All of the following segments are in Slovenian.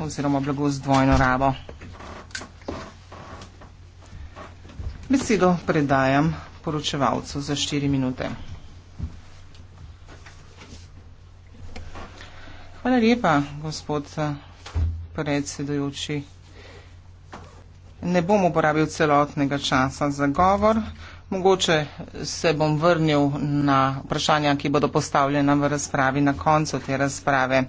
oziroma blago z dvojno rabo. Besedo predajam poročevalcu za štiri minute. Hvala lepa, gospod eh, predsedujoči. Ne bom uporabil celotnega časa za govor. Mogoče se bom vrnil na vprašanja, ki bodo postavljena v razpravi na koncu te razprave.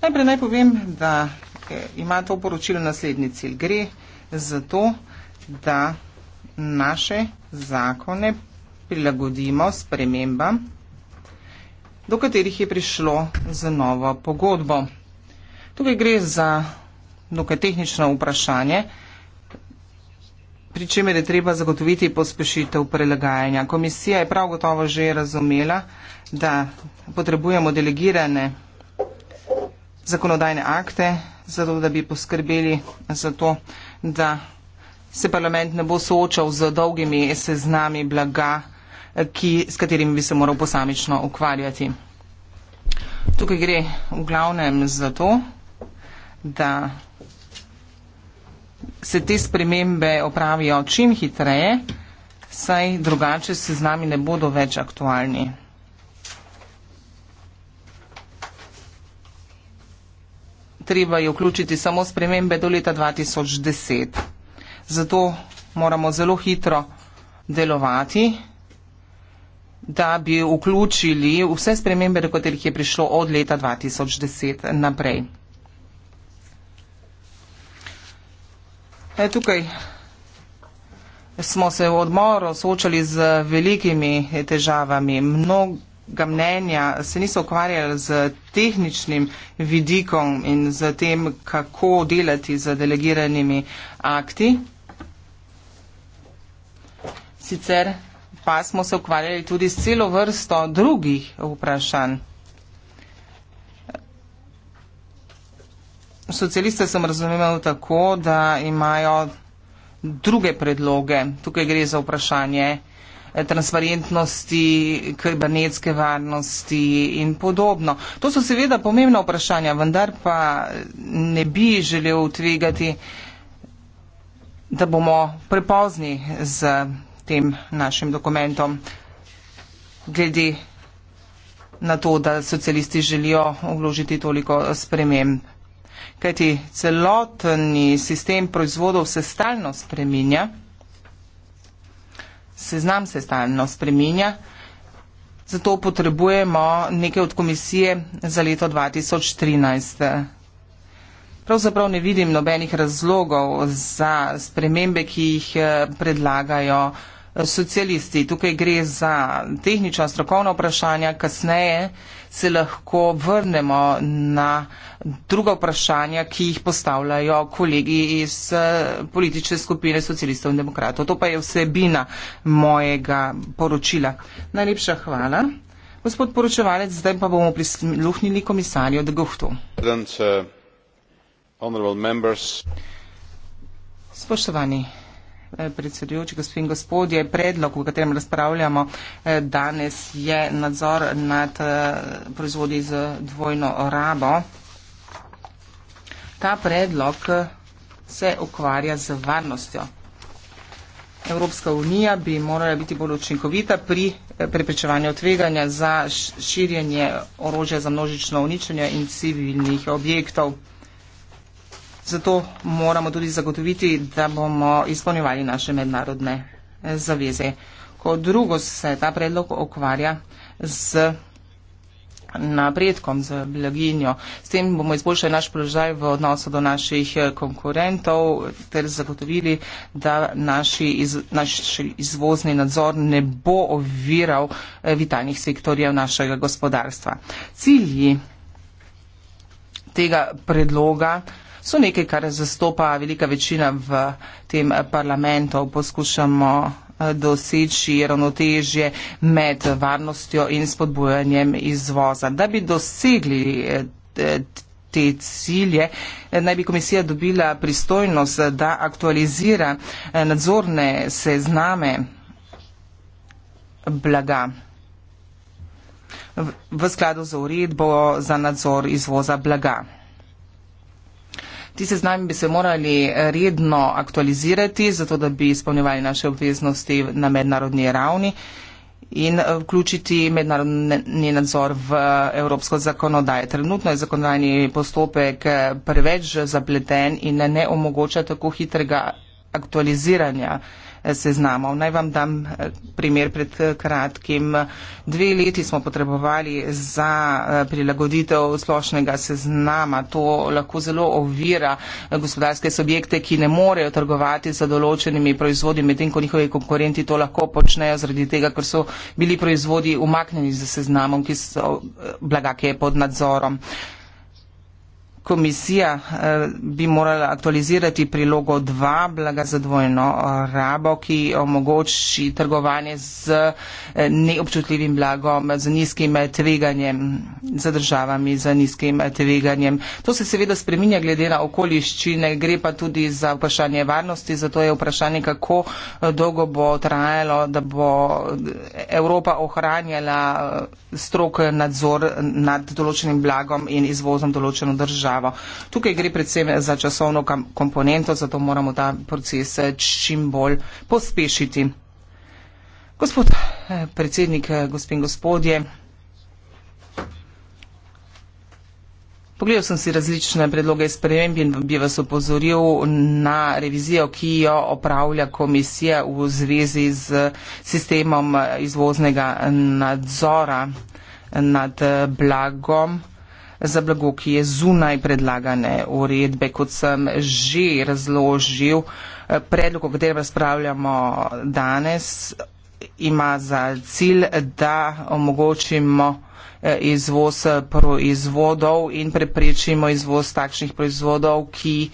Najprej naj povem, da eh, ima to poročilo naslednji cilj. Gre za to, da naše zakone prilagodimo spremembam, do katerih je prišlo z novo pogodbo. Tukaj gre za dokaj tehnično vprašanje, pri čemer je treba zagotoviti pospešitev prelagajanja. Komisija je prav gotovo že razumela, da potrebujemo delegirane zakonodajne akte, zato da bi poskrbeli za to, da se parlament ne bo soočal z dolgimi seznami blaga, ki, s katerimi bi se moral posamično ukvarjati. Tukaj gre v glavnem za to, da se te spremembe opravijo čim hitreje, saj drugače se z nami ne bodo več aktualni. Treba je vključiti samo spremembe do leta 2010. Zato moramo zelo hitro delovati, da bi vključili vse spremembe, do katerih je prišlo od leta 2010 naprej. E, tukaj smo se v odmoru soočali z velikimi težavami. Mnoga mnenja se niso ukvarjali z tehničnim vidikom in z tem, kako delati z delegiranimi akti. Sicer pa smo se ukvarjali tudi s celo vrsto drugih vprašanj. socialiste sem razumel tako, da imajo druge predloge. Tukaj gre za vprašanje eh, transparentnosti, kibernetske varnosti in podobno. To so seveda pomembna vprašanja, vendar pa ne bi želel tvegati, da bomo prepozni z tem našim dokumentom glede na to, da socialisti želijo vložiti toliko sprememb kajti celotni sistem proizvodov se stalno spreminja, seznam se stalno spreminja, zato potrebujemo nekaj od komisije za leto 2013. Pravzaprav ne vidim nobenih razlogov za spremembe, ki jih eh, predlagajo eh, socialisti. Tukaj gre za tehnična strokovna vprašanja, kasneje se lahko vrnemo na druga vprašanja, ki jih postavljajo kolegi iz eh, politične skupine socialistov in demokratov. To pa je vsebina mojega poročila. Najlepša hvala. Gospod poročevalec, zdaj pa bomo prisluhnili komisarju de Guhtu. Eh, Spoštovani Eh, predsedujoči, gospod in gospodje. Predlog, o katerem razpravljamo eh, danes, je nadzor nad eh, proizvodi z dvojno rabo. Ta predlog se ukvarja z varnostjo. Evropska unija bi morala biti bolj učinkovita pri preprečevanju tveganja za širjenje orožja za množično uničenje in civilnih objektov. Zato moramo tudi zagotoviti, da bomo izpolnjevali naše mednarodne eh, zaveze. Kot drugo se ta predlog okvarja z napredkom, z blaginjo. S tem bomo izboljšali naš položaj v odnosu do naših eh, konkurentov ter zagotovili, da naši iz, naš izvozni nadzor ne bo oviral eh, vitalnih sektorjev našega gospodarstva. Cilji tega predloga so nekaj, kar zastopa velika večina v tem parlamentu. Poskušamo eh, doseči ravnotežje med varnostjo in spodbojanjem izvoza. Da bi dosegli eh, te cilje, eh, naj bi komisija dobila pristojnost, da aktualizira nadzorne sezname blaga v skladu z uredbo za nadzor izvoza blaga. Ti se z nami bi se morali redno aktualizirati, zato da bi izpolnjevali naše obveznosti na mednarodni ravni in eh, vključiti mednarodni nadzor v eh, evropsko zakonodajo. Trenutno je zakonodajni postopek eh, preveč zapleten in ne omogoča tako hitrega aktualiziranja uh, seznamov. Naj vam dam eh, primer pred eh, kratkim. Dve leti smo potrebovali za eh, prilagoditev splošnega seznama. To lahko zelo ovira gospodarske subjekte, ki ne morejo trgovati z določenimi proizvodi, medtem ko njihovi konkurenti to lahko počnejo zaradi tega, ker so bili proizvodi umaknjeni z seznamom, ki so blaga, ki je pod nadzorom komisija eh, bi morala aktualizirati prilogo 2 blaga za dvojno eh, rabo, ki omogoči trgovanje z eh, neobčutljivim blagom, z nizkim tveganjem, z državami z nizkim tveganjem. To se seveda spreminja glede na okoliščine, gre pa tudi za vprašanje varnosti, zato je vprašanje, kako dolgo bo trajalo, da bo Evropa ohranjala strok nadzor nad določenim blagom in izvozom določeno državo državo. Tukaj gre predvsem za časovno komponento, zato moramo ta proces eh, čim bolj pospešiti. Gospod eh, predsednik, eh, gospod in gospodje, pogledal sem si različne predloge sprememb in bi vas opozoril na revizijo, ki jo opravlja komisija v zvezi z sistemom izvoznega nadzora nad blagom za blago, ki je zunaj predlagane uredbe, kot sem že razložil, eh, predlog, o katerem razpravljamo danes, ima za cilj, da omogočimo eh, izvoz eh, proizvodov in preprečimo izvoz takšnih proizvodov, ki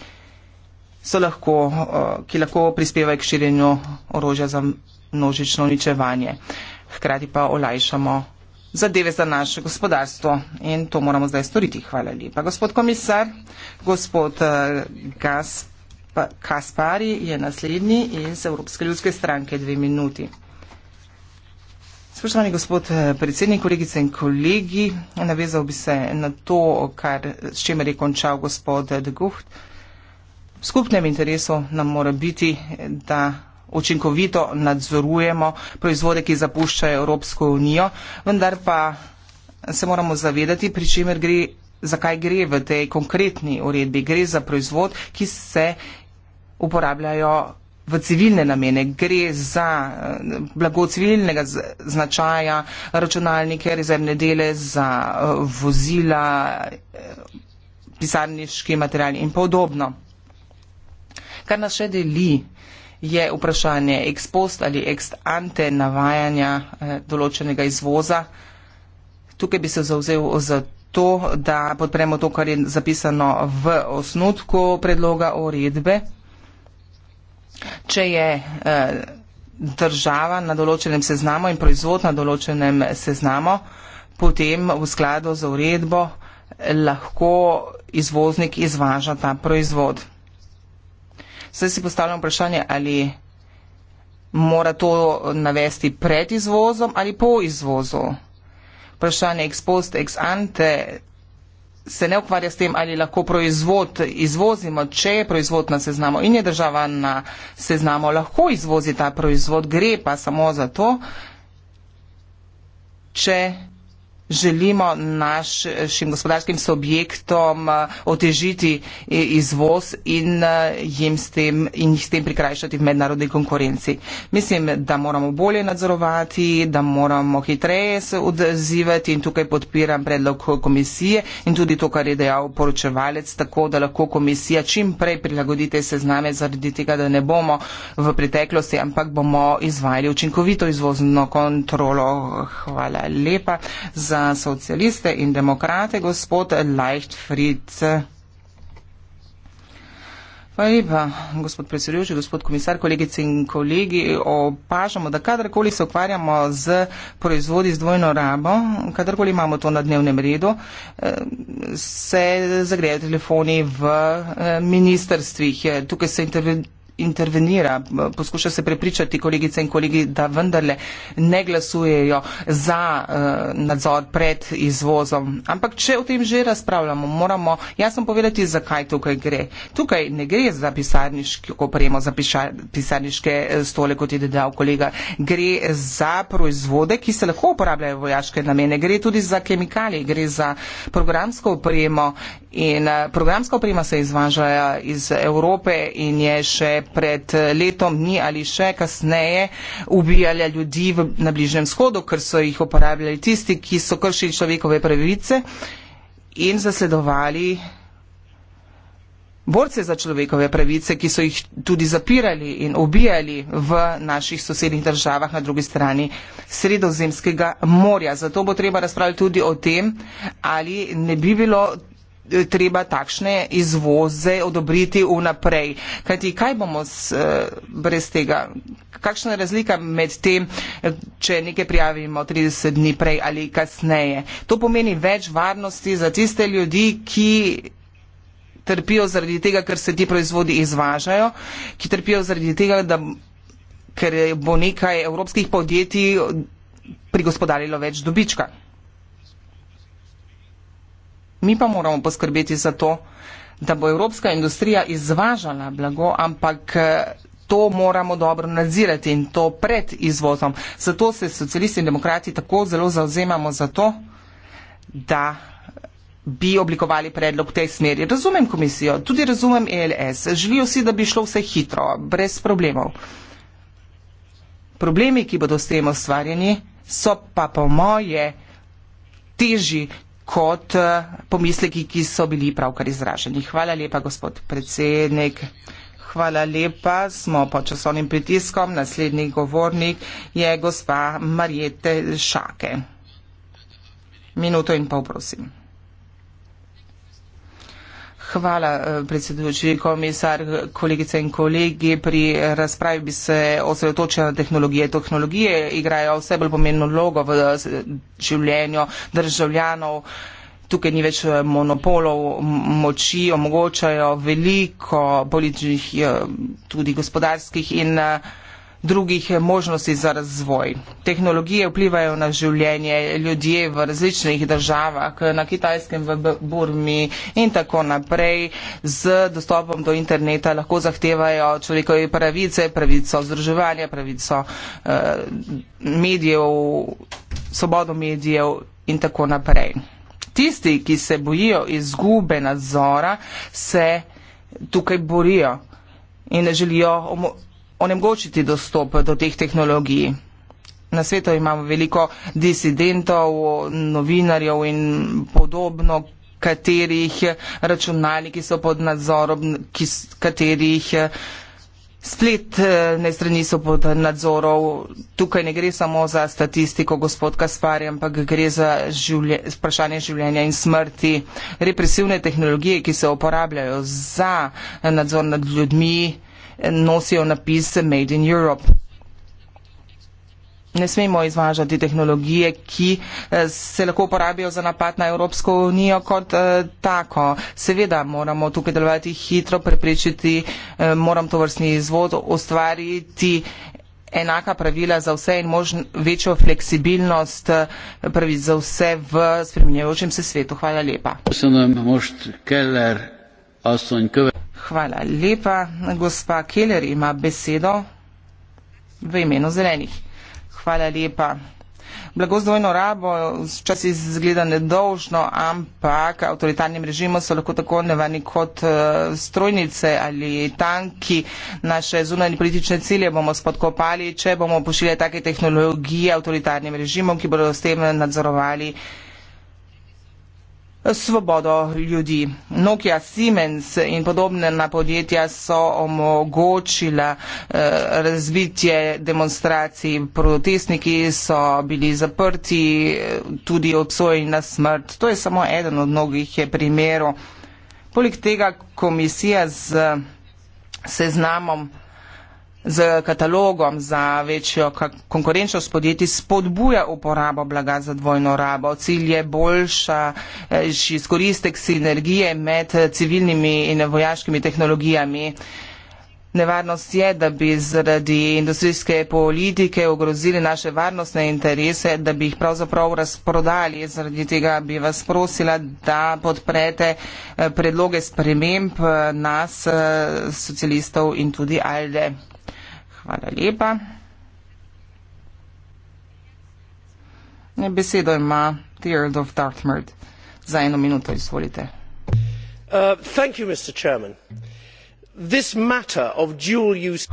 so lahko, ki lahko prispevajo k širjenju orožja za množično uničevanje. Hkrati pa olajšamo zadeve za naše gospodarstvo in to moramo zdaj storiti. Hvala lepa. Gospod komisar, gospod eh, Kaspari je naslednji iz Evropske ljudske stranke dve minuti. Spoštovani gospod eh, predsednik, kolegice in kolegi, navezal bi se na to, kar, s čimer je končal gospod eh, Deguht. V skupnem interesu nam mora biti, da učinkovito nadzorujemo proizvode, ki zapuščajo Evropsko unijo, vendar pa se moramo zavedati, pri čemer gre, zakaj gre v tej konkretni uredbi. Gre za proizvod, ki se uporabljajo v civilne namene, gre za eh, blago civilnega značaja, računalnike, rezervne dele, za eh, vozila, eh, pisarniški materiali in podobno. Kar nas še deli, je vprašanje ex post ali ex ante navajanja eh, določenega izvoza. Tukaj bi se zauzel za to, da podpremo to, kar je zapisano v osnutku predloga uredbe. Če je eh, država na določenem seznamu in proizvod na določenem seznamu, potem v skladu z uredbo lahko izvoznik izvaža ta proizvod. Zdaj si postavljam vprašanje, ali mora to navesti pred izvozom ali po izvozu. Vprašanje ex post, ex ante se ne ukvarja s tem, ali lahko proizvod izvozimo, če je proizvod na seznamu in je država na seznamu, lahko izvozi ta proizvod, gre pa samo za to, če želimo našim gospodarskim subjektom eh, otežiti eh, izvoz in eh, jim s tem, in jih s tem prikrajšati v mednarodni konkurenci. Mislim, da moramo bolje nadzorovati, da moramo hitreje se odzivati in tukaj podpiram predlog komisije in tudi to, kar je dejal poročevalec, tako da lahko komisija čim prej prilagodi te sezname zaradi tega, da ne bomo v preteklosti, ampak bomo izvajali učinkovito izvozno kontrolo. Hvala lepa za socialiste in demokrate gospod Leichtfried. Pa lepa, gospod predsedujoči, gospod komisar, kolegice in kolegi, opažamo, da kadarkoli se ukvarjamo z proizvodi z dvojno rabo, kadarkoli imamo to na dnevnem redu, eh, se zagrejajo telefoni v eh, ministerstvih. Tukaj se intervjuje intervenira, poskuša se prepričati kolegice in kolegi, da vendarle ne glasujejo za eh, nadzor pred izvozom. Ampak če o tem že razpravljamo, moramo jasno povedati, zakaj tukaj gre. Tukaj ne gre za pisarniško opremo, za pisarniške eh, stole, kot je dejal kolega. Gre za proizvode, ki se lahko uporabljajo v vojaške namene. Gre tudi za kemikalije, gre za programsko opremo. In eh, programska oprema se izvaža iz Evrope in je še pred eh, letom dni ali še kasneje ubijale ljudi v, na Bližnjem shodu, ker so jih uporabljali tisti, ki so kršili človekove pravice in zasledovali borce za človekove pravice, ki so jih tudi zapirali in ubijali v naših sosednjih državah na drugi strani sredozemskega morja. Zato bo treba razpravljati tudi o tem, ali ne bi bilo treba takšne izvoze odobriti vnaprej. Kajti kaj bomo s, eh, brez tega? Kakšna je razlika med tem, eh, če nekaj prijavimo 30 dni prej ali kasneje? To pomeni več varnosti za tiste ljudi, ki trpijo zaradi tega, ker se ti proizvodi izvažajo, ki trpijo zaradi tega, da, ker bo nekaj evropskih podjetij prigospodarilo več dobička. Mi pa moramo poskrbeti za to, da bo evropska industrija izvažala blago, ampak eh, to moramo dobro nadzirati in to pred izvozom. Zato se socialisti in demokrati tako zelo zauzemamo za to, da bi oblikovali predlog v tej smeri. Razumem komisijo, tudi razumem ELS. Želijo si, da bi šlo vse hitro, brez problemov. Problemi, ki bodo s tem ustvarjeni, so pa po moje teži, kot eh, pomisleki, ki so bili pravkar izraženi. Hvala lepa, gospod predsednik. Hvala lepa. Smo pod časovnim pritiskom. Naslednji govornik je gospa Marijete Šake. Minuto in pol, prosim. Hvala, eh, predsedujoči komisar, kolegice in kolegi. Pri razpravi bi se osredotočila na tehnologije. Tehnologije igrajo vse bolj pomembno vlogo v življenju državljanov. Tukaj ni več eh, monopolov moči, omogočajo veliko političnih, eh, tudi gospodarskih in drugih možnosti za razvoj. Tehnologije vplivajo na življenje ljudi v različnih državah, na kitajskem, v Burmi in tako naprej. Z dostopom do interneta lahko zahtevajo človekove pravice, pravico združevanja, pravico eh, medijev, svobodo medijev in tako naprej. Tisti, ki se bojijo izgube nadzora, se tukaj borijo in želijo omogočiti onemogočiti dostop do teh tehnologij. Na svetu imamo veliko disidentov, novinarjev in podobno, katerih računalniki so pod nadzorom, katerih spletne strani so pod nadzorom. Tukaj ne gre samo za statistiko gospod Kaspari, ampak gre za življe, vprašanje življenja in smrti. Represivne tehnologije, ki se uporabljajo za nadzor nad ljudmi, nosijo napis Made in Europe. Ne smemo izvažati tehnologije, ki eh, se lahko uporabijo za napad na Evropsko unijo kot eh, tako. Seveda moramo tukaj delovati hitro, preprečiti, eh, moram to vrstni izvod ustvariti enaka pravila za vse in možn večjo fleksibilnost eh, pravic za vse v spremenjajočem se svetu. Hvala lepa. Hvala lepa. Gospa Keller ima besedo v imenu zelenih. Hvala lepa. Blagozdvojno rabo včasih izgleda nedolžno, ampak avtoritarnim režimom so lahko tako nevani kot eh, strojnice ali tanki. Naše zunanje politične cilje bomo spodkopali, če bomo pošiljali take tehnologije avtoritarnim režimom, ki bodo s tem nadzorovali svobodo ljudi. Nokia, Siemens in podobna podjetja so omogočila eh, razvitje demonstracij. Protestniki so bili zaprti, eh, tudi obsojeni na smrt. To je samo eden od mnogih primerov. Poleg tega komisija z seznamom z katalogom za večjo konkurenčnost podjetij spodbuja uporabo blaga za dvojno rabo. Cilj je boljša eh, izkoristek sinergije med civilnimi in vojaškimi tehnologijami. Nevarnost je, da bi zaradi industrijske politike ogrozili naše varnostne interese, da bi jih pravzaprav razprodali. Zaradi tega bi vas prosila, da podprete eh, predloge sprememb eh, nas, socialistov in tudi ALDE. Hvala lepa. Besedo ima Tyrold of Dartmouth. Za eno minuto izvolite. Uh, use...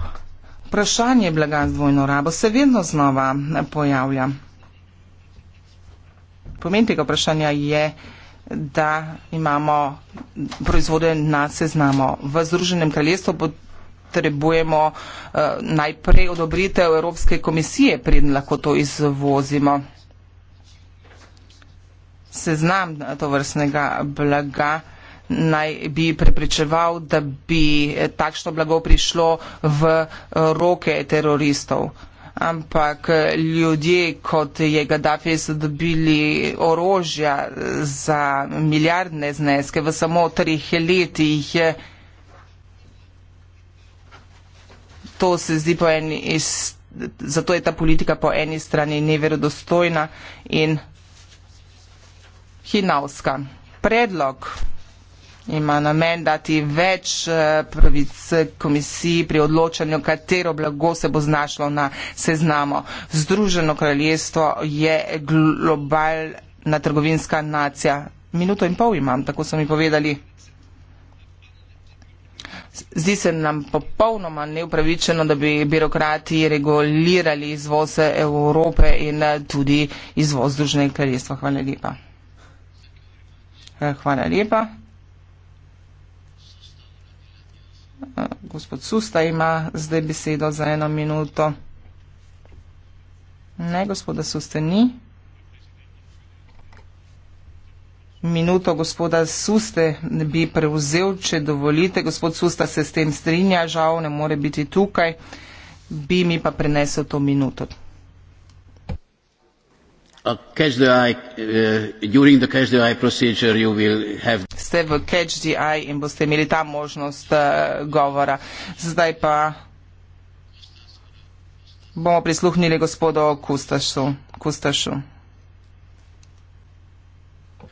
Vprašanje blaga z dvojno rabo se vedno znova pojavlja. Pomen tega vprašanja je, da imamo proizvode na seznamo. V Združenem kraljestvu bo potrebujemo eh, najprej odobritev Evropske komisije, preden lahko to izvozimo. Seznam to vrstnega blaga naj bi prepričeval, da bi takšno blago prišlo v roke teroristov. Ampak ljudje, kot je Gaddafi, so dobili orožja za milijardne zneske v samo treh letih. to se zdi po eni, iz, zato je ta politika po eni strani neverodostojna in hinavska. Predlog ima namen dati več eh, pravic komisiji pri odločanju, katero blago se bo znašlo na seznamo. Združeno kraljestvo je globalna trgovinska nacija. Minuto in pol imam, tako so mi povedali. Zdi se nam popolnoma neupravičeno, da bi birokrati regulirali izvoz Evrope in eh, tudi izvoz Združenega kraljestva. Hvala lepa. Eh, hvala lepa. Eh, gospod Susta ima zdaj besedo za eno minuto. Ne, gospoda Suste ni. minuto gospoda Suste bi prevzel, če dovolite. Gospod Susta se s tem strinja, žal ne more biti tukaj, bi mi pa prenesel to minuto. Catch the eye, uh, during the catch the eye procedure you will have. Ste v catch the eye in boste imeli ta možnost uh, govora. Zdaj pa bomo prisluhnili gospodu Kustašu. Kustašu.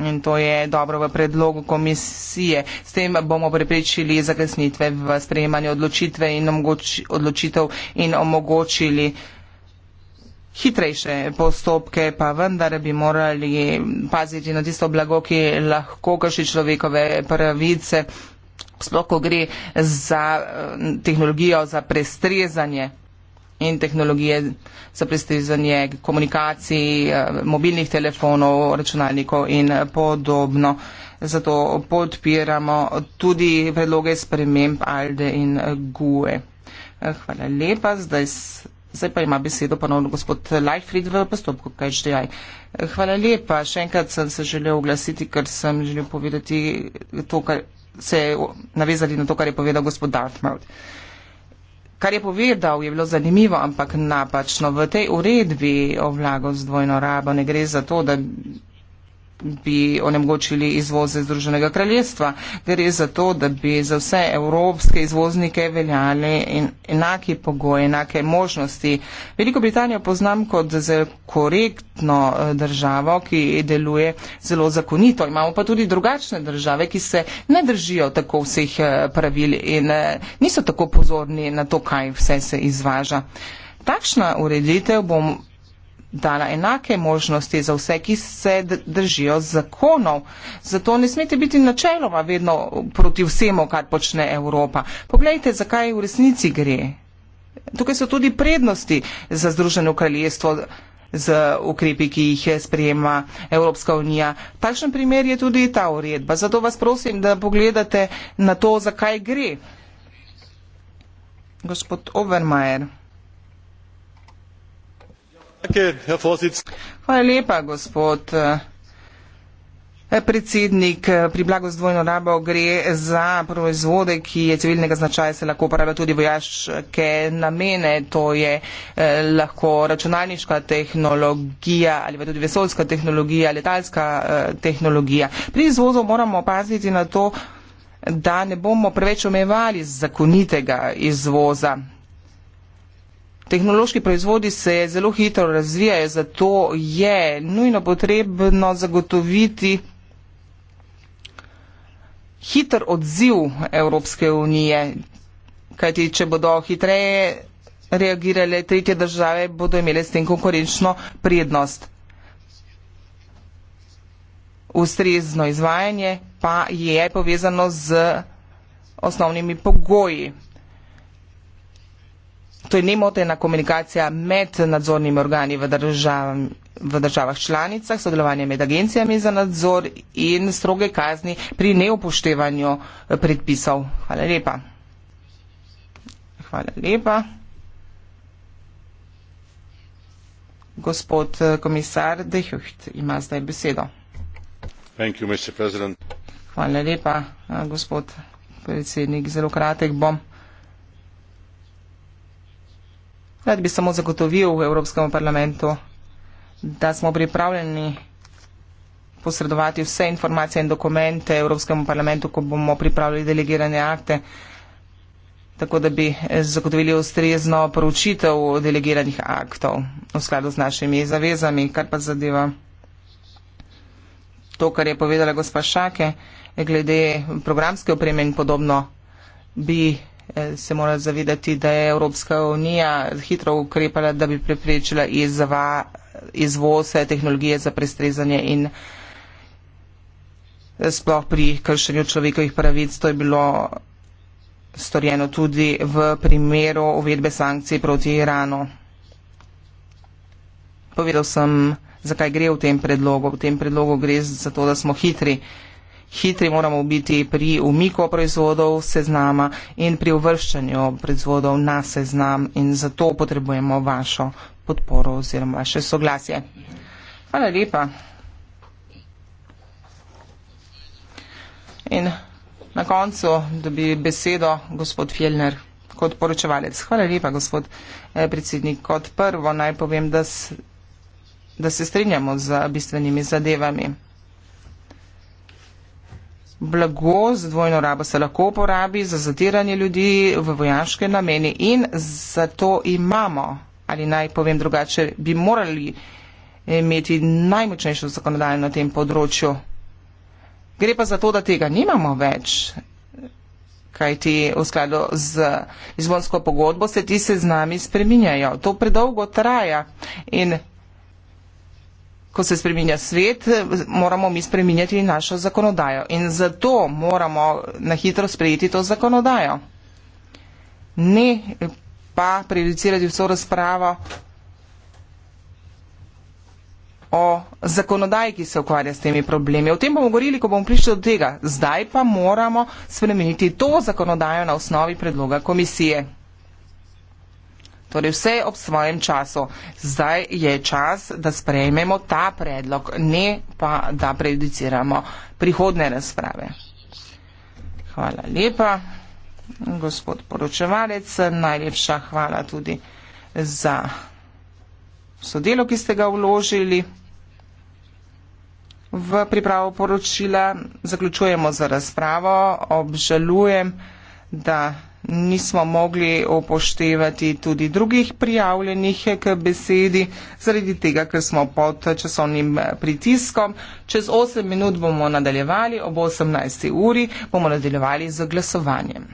In to je dobro v predlogu komisije. S tem bomo preprečili zakasnitve v sprejemanju odločitve in odločitev in omogočili hitrejše postopke, pa vendar bi morali paziti na tisto blago, ki lahko krši človekove pravice, sploh ko gre za eh, tehnologijo, za prestrezanje in tehnologije za pristizanje komunikacij, eh, mobilnih telefonov, računalnikov in podobno. Zato podpiramo tudi predloge sprememb ALDE in GUE. Eh, hvala lepa. Zdaj, zdaj pa ima besedo ponovno gospod Lajfrid v postopku, kaj že daj. Eh, hvala lepa. Še enkrat sem se želel oglasiti, ker sem želel povedati to, kar se je navezali na to, kar je povedal gospod Darth Maud. Uh, Kar je povedal, je bilo zanimivo, ampak napačno. V tej uredbi o vlago z dvojno rabo ne gre za to, da bi onemogočili izvoze Združenega kraljestva. Gre za to, da bi za vse evropske izvoznike veljali in enaki pogoji, enake možnosti. Veliko Britanijo poznam kot zelo korektno eh, državo, ki deluje zelo zakonito. Imamo pa tudi drugačne države, ki se ne držijo tako vseh eh, pravil in eh, niso tako pozorni na to, kaj vse se izvaža. Takšna ureditev bom dala enake možnosti za vse, ki se držijo zakonov. Zato ne smete biti načeloma vedno proti vsemu, kar počne Evropa. Poglejte, zakaj v resnici gre. Tukaj so tudi prednosti za Združeno kraljestvo z ukrepi, ki jih sprejema Evropska unija. Takšen primer je tudi ta uredba. Zato vas prosim, da pogledate na to, zakaj gre. Gospod Overmajer. Hvala lepa, gospod eh, predsednik. Pri blago z dvojno rabo gre za proizvode, ki je civilnega značaja, se lahko uporablja tudi vojaške namene. To je eh, lahko računalniška tehnologija ali pa tudi vesoljska tehnologija, letalska eh, tehnologija. Pri izvozu moramo paziti na to, da ne bomo preveč omejevali zakonitega izvoza. Tehnološki proizvodi se zelo hitro razvijajo, zato je nujno potrebno zagotoviti hiter odziv Evropske unije, kajti če bodo hitreje reagirale tretje države, bodo imele s tem konkurenčno prednost. Ustrezno izvajanje pa je povezano z osnovnimi pogoji. To je nemotena komunikacija med nadzornimi organi v, držav, v državah članicah, sodelovanje med agencijami za nadzor in stroge kazni pri neupoštevanju eh, predpisov. Hvala lepa. Hvala lepa. Gospod eh, komisar Dehucht ima zdaj besedo. Thank you, Mr. President. Hvala lepa, eh, gospod predsednik. Zelo kratek bom. Rad bi samo zagotovil v Evropskem parlamentu, da smo pripravljeni posredovati vse informacije in dokumente Evropskemu parlamentu, ko bomo pripravili delegirane akte, tako da bi zagotovili ustrezno poročitev delegiranih aktov v skladu z našimi zavezami, kar pa zadeva to, kar je povedala gospa Šake, glede programske opreme in podobno, bi se mora zavedati, da je Evropska unija hitro ukrepala, da bi preprečila izva, izvoze tehnologije za prestrezanje in sploh pri kršenju človekovih pravic. To je bilo storjeno tudi v primeru uvedbe sankcij proti Iranu. Povedal sem, zakaj gre v tem predlogu. V tem predlogu gre za to, da smo hitri hitri moramo biti pri umiku proizvodov seznama in pri uvrščanju proizvodov na seznam in zato potrebujemo vašo podporo oziroma vaše soglasje. Hvala lepa. In na koncu dobi besedo gospod Fjellner kot poročevalec. Hvala lepa, gospod eh, predsednik. Kot prvo naj povem, da, s, da se strinjamo z bistvenimi zadevami blago z dvojno rabo se lahko uporabi za zatiranje ljudi v vojaške namene in zato imamo, ali naj povem drugače, bi morali imeti najmočnejšo zakonodajo na tem področju. Gre pa za to, da tega nimamo več, kajti v skladu z izvonsko pogodbo se ti seznami spreminjajo. To predolgo traja in ko se spreminja svet, moramo mi spreminjati našo zakonodajo. In zato moramo na hitro sprejeti to zakonodajo. Ne pa prejudicirati vso razpravo o zakonodaji, ki se ukvarja s temi problemi. O tem bomo govorili, ko bomo prišli do tega. Zdaj pa moramo spremeniti to zakonodajo na osnovi predloga komisije. Torej, vse ob svojem času. Zdaj je čas, da sprejmemo ta predlog, ne pa da prejudiciramo prihodne razprave. Hvala lepa, gospod poročevalec. Najlepša hvala tudi za sodelo, ki ste ga vložili v pripravo poročila. Zaključujemo za razpravo. Obžalujem, da nismo mogli upoštevati tudi drugih prijavljenih k besedi, zaradi tega, ker smo pod časovnim pritiskom. Čez 8 minut bomo nadaljevali, ob 18. uri bomo nadaljevali z glasovanjem.